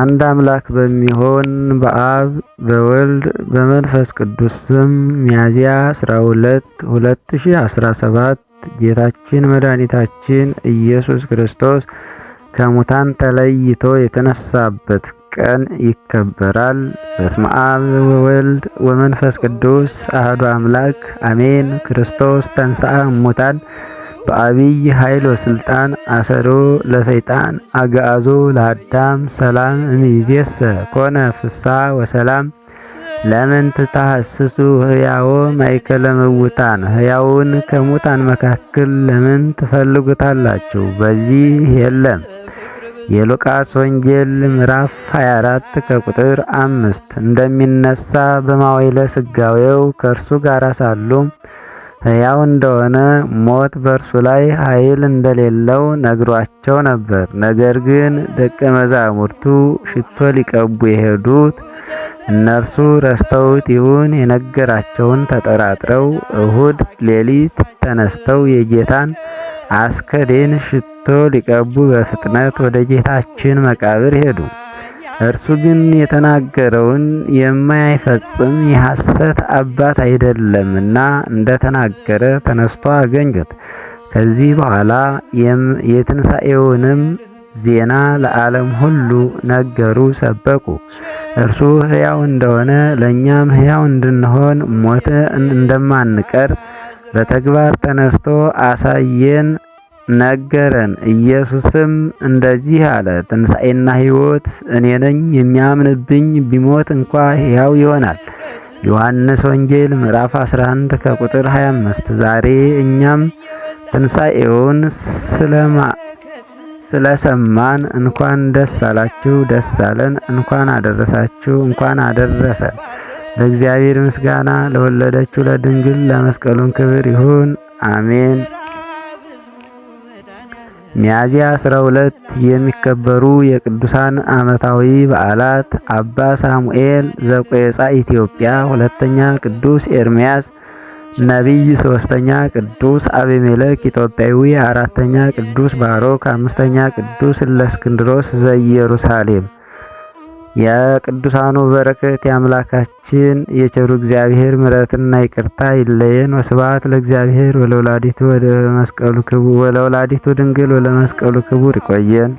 አንድ አምላክ በሚሆን በአብ በወልድ በመንፈስ ቅዱስ ስም ሚያዝያ 12 2017 ጌታችን መድኃኒታችን ኢየሱስ ክርስቶስ ከሙታን ተለይቶ የተነሳበት ቀን ይከበራል። በስመ አብ ወወልድ ወመንፈስ ቅዱስ አህዱ አምላክ አሜን። ክርስቶስ ተንሥአ እሙታን በአብይ ኃይል ወስልጣን አሰሮ ለሰይጣን አግዓዞ ለአዳም ሰላም እምይእዜሰ ኮነ ፍስሐ ወሰላም። ለምን ትታሐስሱ ሕያወ ማእከለ እሙታን፣ ከሙታን መካከል ለምን ትፈልጉታላችሁ? በዚህ የለም። የሉቃስ ወንጌል ምዕራፍ 24 ከቁጥር አምስት እንደሚነሳ በማዋይለ ስጋዌው ከእርሱ ጋር ሳሉ ያው እንደሆነ ሞት በእርሱ ላይ ኃይል እንደሌለው ነግሯቸው ነበር። ነገር ግን ደቀ መዛሙርቱ ሽቶ ሊቀቡ የሄዱት እነርሱ ረስተውት ይሁን የነገራቸውን ተጠራጥረው እሁድ ሌሊት ተነስተው የጌታን አስከሬን ሽቶ ሊቀቡ በፍጥነት ወደ ጌታችን መቃብር ሄዱ። እርሱ ግን የተናገረውን የማይፈጽም የሐሰት አባት አይደለምና እንደተናገረ ተነስቶ አገኙት። ከዚህ በኋላ የትንሣኤውንም ዜና ለዓለም ሁሉ ነገሩ፣ ሰበቁ! እርሱ ሕያው እንደሆነ ለእኛም ሕያው እንድንሆን ሞተ እንደማንቀር በተግባር ተነስቶ አሳየን። ነገረን። ኢየሱስም እንደዚህ አለ፣ ትንሣኤና ሕይወት እኔ ነኝ፤ የሚያምንብኝ ቢሞት እንኳ ሕያው ይሆናል። ዮሐንስ ወንጌል ምዕራፍ 11 ከቁጥር 25። ዛሬ እኛም ትንሣኤውን ስለማ ስለሰማን እንኳን ደስ አላችሁ፣ ደስ አለን። እንኳን አደረሳችሁ፣ እንኳን አደረሰን። ለእግዚአብሔር ምስጋና፣ ለወለደችው ለድንግል ለመስቀሉን ክብር ይሁን። አሜን። ሚያዝያ 12 የሚከበሩ የቅዱሳን ዓመታዊ በዓላት አባ ሳሙኤል ዘቆየጻ ኢትዮጵያ ሁለተኛ፣ ቅዱስ ኤርምያስ ነቢይ ሶስተኛ፣ ቅዱስ አቤሜሌክ ኢትዮጵያዊ አራተኛ፣ ቅዱስ ባሮክ አምስተኛ፣ ቅዱስ እለእስክንድሮስ ዘኢየሩሳሌም የቅዱሳኑ በረከት የአምላካችን የቸሩ እግዚአብሔር ምሕረትና ይቅርታ ይለየን። ወስብሐት ለእግዚአብሔር ወለወላዲቱ ድንግል ወለመስቀሉ ክቡር ይቆየን።